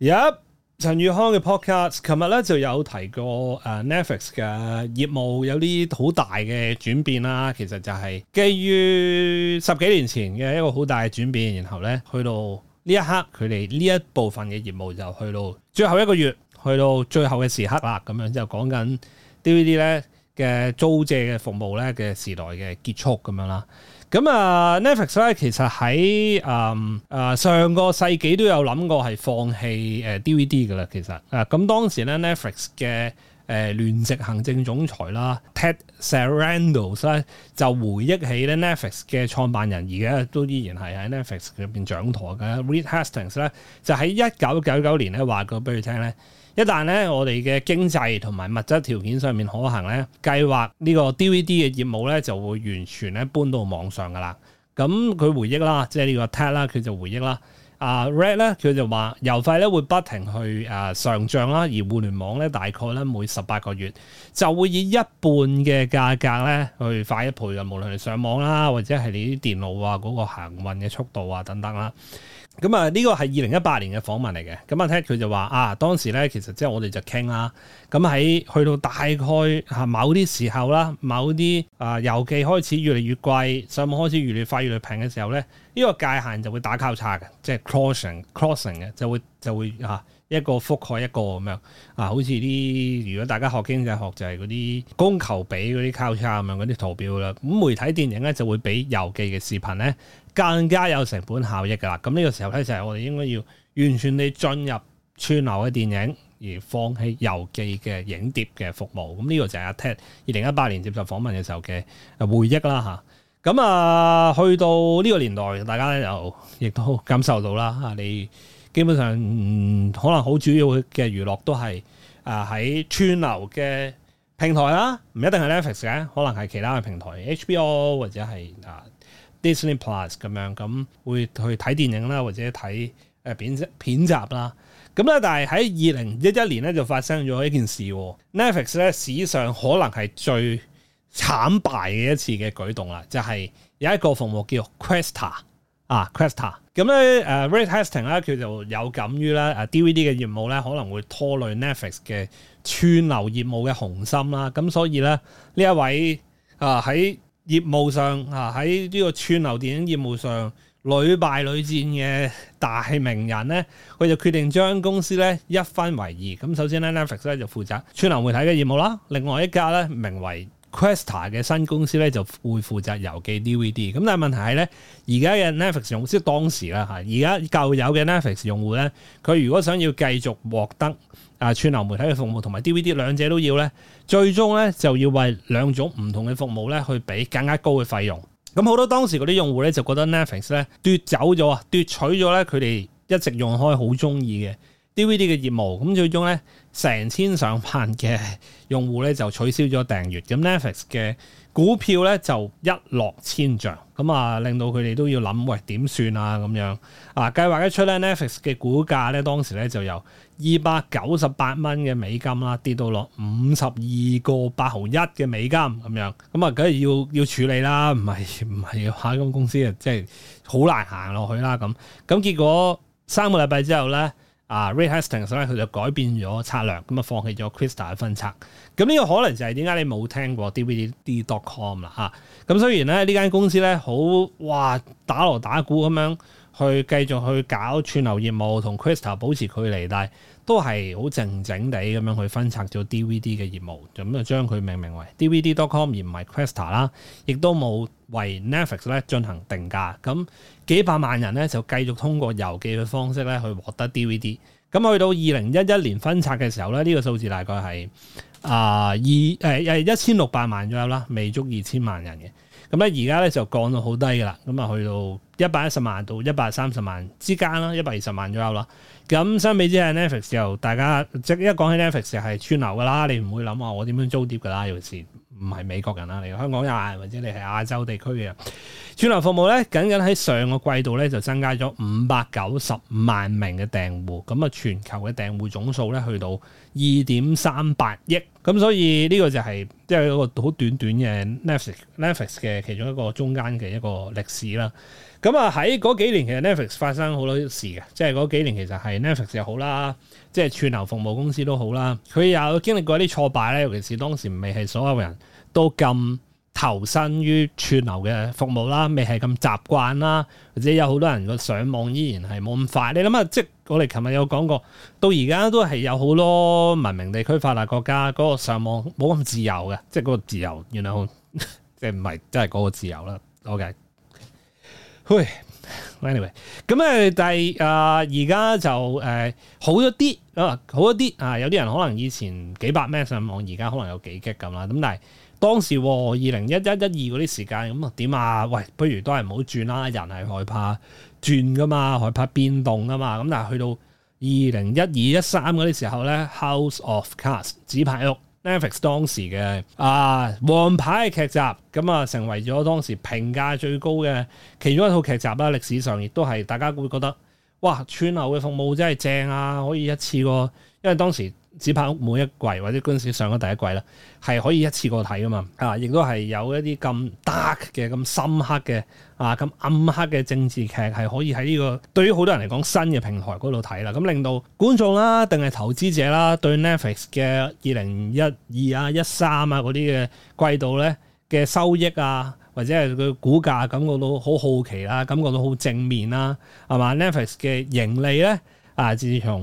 有、yep, 陳宇康嘅 podcast，琴日咧就有提過誒、uh, Netflix 嘅業務有啲好大嘅轉變啦。其實就係、是、基於十幾年前嘅一個好大嘅轉變，然後咧去到呢一刻，佢哋呢一部分嘅業務就去到最後一個月，去到最後嘅時刻啦。咁樣就講緊 DVD 咧嘅租借嘅服務咧嘅時代嘅結束咁樣啦。咁啊，Netflix 咧其實喺誒誒上個世紀都有諗過係放棄誒、呃、DVD 嘅啦，其實啊，咁當時咧 Netflix 嘅誒聯席行政總裁啦，Ted Sarandos 咧、啊、就回憶起咧 Netflix 嘅創辦人而家都依然係喺 Netflix 入邊掌舵嘅，Reed Hastings 咧、啊、就喺一九九九年咧話過俾佢聽咧。一旦咧我哋嘅經濟同埋物質條件上面可行咧，計劃呢個 DVD 嘅業務咧就會完全咧搬到網上噶啦。咁、嗯、佢回憶啦，即係呢個 Ted 啦，佢就回憶啦。啊、uh, Red 咧，佢就話郵費咧會不停去誒、啊、上漲啦，而互聯網咧大概咧每十八個月就會以一半嘅價格咧去快一倍嘅，無論係上網啦，或者係你啲電腦啊嗰、那個行運嘅速度啊等等啦。咁啊，呢個係二零一八年嘅訪問嚟嘅。咁啊，聽佢就話啊，當時咧其實即係我哋就傾啦。咁喺去到大概嚇某啲時候啦，某啲啊郵寄開始越嚟越貴，上網開始越嚟越快越嚟越平嘅時候咧，呢、這個界限就會打交叉嘅，即係 crossing，crossing 嘅就會就會嚇。啊一個覆蓋一個咁樣啊，好似啲如果大家學經濟學就係嗰啲供求比嗰啲交叉咁樣嗰啲圖表啦。咁媒體電影咧就會比郵寄嘅視頻咧更加有成本效益噶啦。咁、啊、呢、這個時候咧就係、是、我哋應該要完全地進入串流嘅電影而放棄郵寄嘅影碟嘅服務。咁、啊、呢、這個就係阿 Ted 二零一八年接受訪問嘅時候嘅回憶啦嚇。咁啊，啊去到呢個年代，大家又亦都感受到啦嚇、啊、你。基本上可能好主要嘅娛樂都係啊喺串流嘅平台啦，唔一定係 Netflix 嘅，可能係、呃、其他嘅平台，HBO 或者係啊、呃、Disney Plus 咁樣，咁會去睇電影啦，或者睇誒、呃、片，片集片集啦。咁咧，但係喺二零一一年咧就發生咗一件事，Netflix 咧史上可能係最慘敗嘅一次嘅舉動啦，就係、是、有一個服務叫 Questa。啊、ah，Cresta，咁咧誒，uh, Reed Hastings 咧佢就有感於咧誒 DVD 嘅業務咧可能會拖累 Netflix 嘅串流業務嘅雄心啦，咁所以咧呢一位啊喺、uh, 業務上啊喺呢個串流電影業務上屢敗屢戰嘅大名人咧，佢就決定將公司咧一分為二，咁首先咧 Netflix 咧就負責串流媒體嘅業務啦，另外一家咧名為 q u e s t a 嘅新公司咧就會負責郵寄 DVD，咁但係問題係咧，而家嘅 Netflix 用戶即係當時啦嚇，而家舊有嘅 Netflix 用戶咧，佢如果想要繼續獲得啊串流媒體嘅服務同埋 DVD 兩者都要咧，最終咧就要為兩種唔同嘅服務咧去俾更加高嘅費用，咁好多當時嗰啲用戶咧就覺得 Netflix 咧奪走咗啊，奪取咗咧佢哋一直用開好中意嘅。DVD 嘅業務，咁最終咧成千上萬嘅用戶咧就取消咗訂閱，咁 Netflix 嘅股票咧就一落千丈，咁、嗯、啊令到佢哋都要諗，喂，點算啊。咁樣啊計劃一出咧，Netflix 嘅股價咧當時咧就由二百九十八蚊嘅美金啦跌到落五十二個八毫一嘅美金咁樣，咁啊梗係要要處理啦，唔係唔係下間公司啊即係好難行落去啦咁，咁結果三個禮拜之後咧。啊，Reed Hastings 咧，佢就改變咗策略，咁啊放棄咗 crystal 嘅分拆，咁呢個可能就係點解你冇聽過 D V D dot com 啦嚇，咁、啊、雖然咧呢間公司咧好哇打鑼打鼓咁樣。去繼續去搞串流業務同 Crystal 保持距離，但係都係好靜靜地咁樣去分拆咗 DVD 嘅業務，就咁就將佢命名為 DVD.com 而唔係 Crystal 啦，亦都冇為 Netflix 咧進行定價。咁幾百萬人咧就繼續通過郵寄嘅方式咧去獲得 DVD。咁去到二零一一年分拆嘅時候咧，呢、呢個數字大概係啊二誒誒一千六百萬左右啦，未足二千萬人嘅。咁咧而家咧就降到好低噶啦，咁啊去到一百一十萬到一百三十萬之間啦，一百二十萬左右啦。咁相比之下，Netflix 又大家即係一講起 Netflix 係串流噶啦，你唔會諗話我點樣租碟噶啦，尤其是唔係美國人啦，你香港人或者你係亞洲地區嘅串流服務咧，僅僅喺上個季度咧就增加咗五百九十五萬名嘅訂戶，咁啊全球嘅訂戶總數咧去到二點三八億。咁所以呢個就係即係一個好短短嘅 Netflix 嘅其中一個中間嘅一個歷史啦。咁啊喺嗰幾年其實 Netflix 發生好多事嘅，即係嗰幾年其實係 Netflix 又好啦，即係串流服務公司都好啦，佢有經歷過一啲挫敗咧，尤其是當時未係所有人都咁投身於串流嘅服務啦，未係咁習慣啦，或者有好多人個上網依然係冇咁快。你諗下，即係我哋琴日有講過，到而家都係有好多文明地區發達國家嗰個上網冇咁自由嘅，即係嗰個自由原來即係唔係真係嗰個自由啦。OK，喂，anyway，咁啊，但係啊而家就誒好咗啲啊，好一啲啊，有啲人可能以前幾百 M 上網，而家可能有幾 G 咁啦，咁但係。當時二零一一一二嗰啲時間咁啊點啊？喂，不如都係唔好轉啦，啊，人係害怕轉噶嘛，害怕變動噶嘛。咁但係去到二零一二一三嗰啲時候呢 House of Cards 紙牌屋 Netflix 當時嘅啊王牌嘅劇集咁啊，成為咗當時評價最高嘅其中一套劇集啦。歷史上亦都係大家會覺得哇，串流嘅服務真係正啊，可以一次過。因為當時。只拍每一季或者觀眾上咗第一季啦，係可以一次過睇噶嘛？啊，亦都係有一啲咁 dark 嘅、咁深刻嘅啊、咁暗黑嘅政治劇係可以喺呢、這個對於好多人嚟講新嘅平台嗰度睇啦。咁、嗯、令到觀眾啦，定係投資者啦，對 Netflix 嘅二零一二啊、一三啊嗰啲嘅季度咧嘅收益啊，或者係佢股價、啊，感覺到好好奇啦，感覺到好正面啦、啊，係嘛？Netflix 嘅盈利咧？啊！自從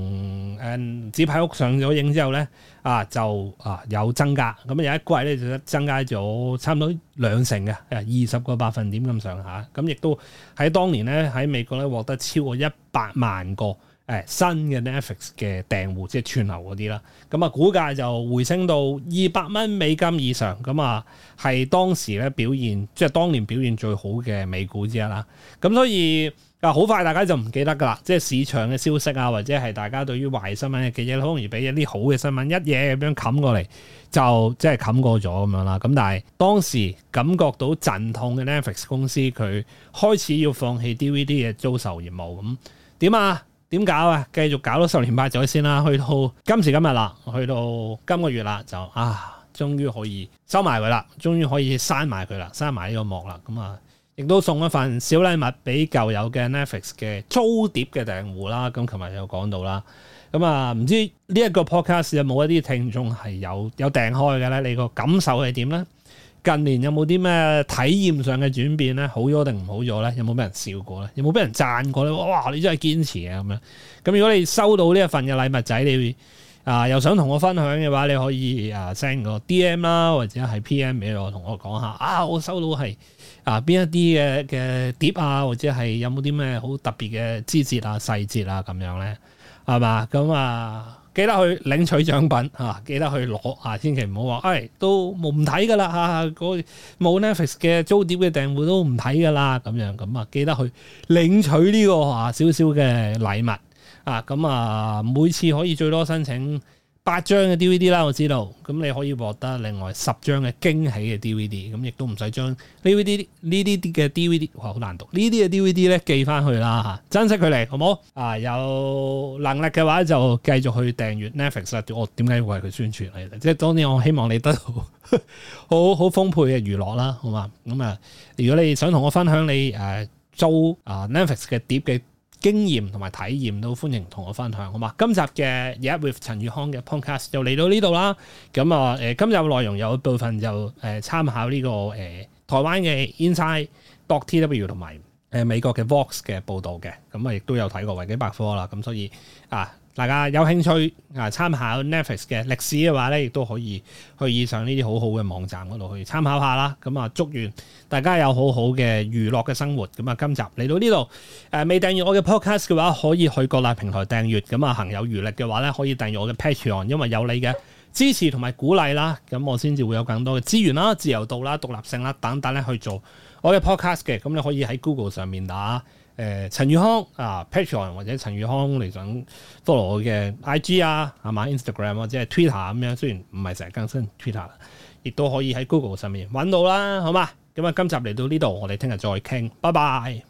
誒、嗯、紙牌屋上咗映之後咧，啊就啊有增加，咁、嗯、有一季咧就增加咗差唔多兩成嘅，二、啊、十個百分點咁上下，咁、啊、亦、嗯、都喺當年咧喺美國咧獲得超過一百萬個。誒新嘅 Netflix 嘅訂戶即係串流嗰啲啦，咁啊股價就回升到二百蚊美金以上，咁啊係當時咧表現即係當年表現最好嘅美股之一啦。咁所以啊好快大家就唔記得噶啦，即係市場嘅消息啊，或者係大家對於壞新聞嘅記憶，好容易俾一啲好嘅新聞一嘢咁樣冚過嚟，就即係冚過咗咁樣啦。咁但係當時感覺到陣痛嘅 Netflix 公司，佢開始要放棄 DVD 嘅租售業務，咁點啊？點搞啊？繼續搞到十年八載先啦，去到今時今日啦，去到今個月啦，就啊，終於可以收埋佢啦，終於可以閂埋佢啦，閂埋呢個幕啦。咁、嗯、啊，亦都送一份小禮物俾舊有嘅 Netflix 嘅租碟嘅訂戶啦。咁琴日有講到啦，咁啊，唔知呢一個 podcast 有冇一啲聽眾係有有訂開嘅咧？你個感受係點咧？近年有冇啲咩體驗上嘅轉變咧？好咗定唔好咗咧？有冇俾人笑過咧？有冇俾人讚過咧？哇！你真係堅持啊咁樣。咁如果你收到呢一份嘅禮物仔，你啊又想同我分享嘅話，你可以啊 send 個 DM 啦，或者係 PM 俾我，同我講下啊，我收到係啊邊一啲嘅嘅碟啊，或者係有冇啲咩好特別嘅枝節啊、細節啊咁樣咧，係嘛？咁啊～記得去領取獎品嚇、啊，記得去攞嚇、啊，千祈唔好話，誒、哎、都冇唔睇噶啦嚇，冇、啊、Netflix 嘅租碟嘅訂戶都唔睇噶啦咁樣咁啊，記得去領取呢、這個啊少少嘅禮物啊，咁啊每次可以最多申請。八張嘅 DVD 啦，我知道，咁你可以獲得另外十張嘅驚喜嘅 DVD，咁亦都唔使將 DVD 呢啲啲嘅 DVD，哇，好難讀，D D 呢啲嘅 DVD 咧寄翻去啦，吓，珍惜佢嚟，好唔好？啊，有能力嘅話就繼續去訂閱 Netflix 啦。我點解為佢宣傳嚟？即係當然我希望你得到 好好，好豐沛嘅娛樂啦，好嘛？咁啊，如果你想同我分享你誒、啊、租啊 Netflix 嘅碟嘅。經驗同埋體驗都歡迎同我分享，好嘛？今集嘅 Chat with 陳宇康嘅 Podcast 就嚟到呢度啦。咁啊，誒今日嘅內容有部分就誒參考呢個誒台灣嘅 Inside dot TW 同埋誒美國嘅 Vox 嘅報導嘅。咁啊，亦都有睇過維基百科啦。咁所以啊～大家有興趣啊參考 Netflix 嘅歷史嘅話咧，亦都可以去以上呢啲好好嘅網站嗰度去參考下啦。咁啊，祝願大家有好好嘅娛樂嘅生活。咁啊，今集嚟到呢度，誒、啊、未訂閱我嘅 podcast 嘅話，可以去各大平台訂閱。咁啊，行有餘力嘅話咧，可以訂閱我嘅 Patreon，因為有你嘅支持同埋鼓勵啦，咁我先至會有更多嘅資源啦、自由度啦、獨立性啦等等咧去做我嘅 podcast 嘅。咁、啊、你可以喺 Google 上面打，誒、呃、陳宇康啊，Patreon 或者陳宇康嚟講，follow 我嘅 IG 啊，係嘛 Instagram，啊、或者係 Twitter 咁、啊、樣，雖然唔係成日更新 Twitter，亦、啊、都可以喺 Google 上面揾到啦，好嘛？咁、嗯、啊，今集嚟到呢度，我哋聽日再傾，拜拜。